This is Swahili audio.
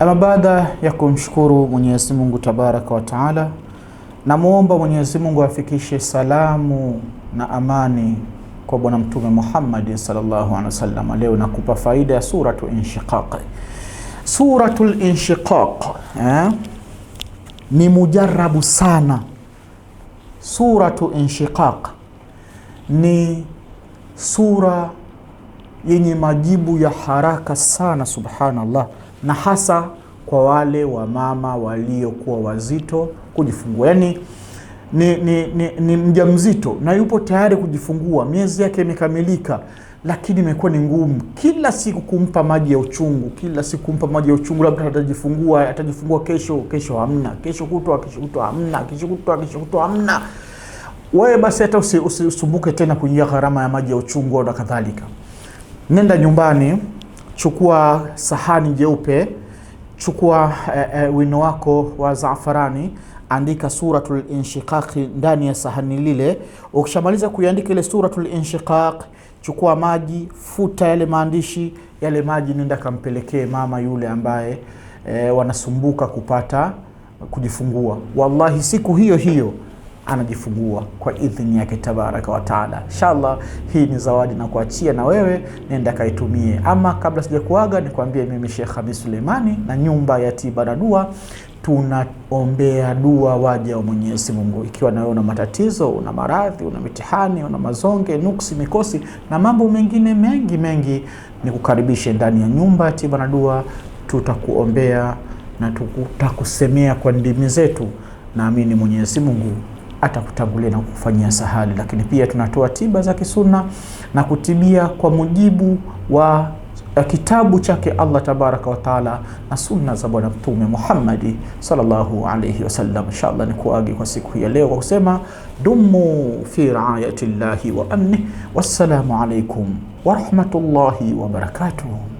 Ama baada ya kumshukuru Mwenyezi Mungu tabaraka wa taala, namwomba Mwenyezi Mungu afikishe salamu na amani kwa Bwana Mtume Muhammad sallallahu alaihi wasallam. Leo nakupa faida ya suratu Inshiqaq. Suratul Inshiqaq eh, ni mujarabu sana. Suratu Inshiqaq ni sura yenye majibu ya haraka sana, subhanallah na hasa kwa wale wamama waliokuwa wazito kujifungua, yaani ni, ni, ni, ni mjamzito na yupo tayari kujifungua, miezi yake imekamilika, lakini imekuwa ni ngumu, kila siku kumpa maji ya uchungu, kila siku kumpa maji ya uchungu, labda atajifungua, atajifungua kesho, kesho hamna, kesho kutwa, kesho kutwa hamna, kesho kutwa, kesho kutwa hamna. Wewe basi hata usisumbuke usi, tena kuingia gharama ya maji ya uchungu na kadhalika, nenda nyumbani chukua sahani jeupe, chukua e, e, wino wako wa zafarani andika suratul inshiqaqi ndani ya sahani lile. Ukishamaliza kuiandika ile suratul inshiqaq, chukua maji, futa yale maandishi yale. Maji nenda kampelekee mama yule ambaye e, wanasumbuka kupata kujifungua. Wallahi siku hiyo hiyo anajifungua kwa idhini yake tabaraka wa taala. Inshallah, hii ni zawadi na kuachia na wewe nenda kaitumie. Ama kabla sijakuaga, nikwambie mimi Sheikh hamis Suleimani na nyumba ya tiba na dua tunaombea dua waja wa Mwenyezi Mungu. Ikiwa na wewe una matatizo, una maradhi, una mitihani, una mazonge, nuksi, mikosi na mambo mengine mengi mengi, nikukaribishe ndani ya nyumba ya tiba na dua, tutakuombea na tutakusemea kwa ndimi zetu. Naamini Mwenyezi Mungu atakutangulia na kukufanyia sahali. Lakini pia tunatoa tiba za kisunna na kutibia kwa mujibu wa eh, kitabu chake Allah tabaraka wa taala na sunna za Bwana Mtume Muhammadi sallallahu alayhi wasallam. Inshallah ni kuagi kwa siku hii ya leo kwa kusema dumu fi raayati llahi wa amnih. Wassalamu alaikum wa rahmatullahi wa barakatuh.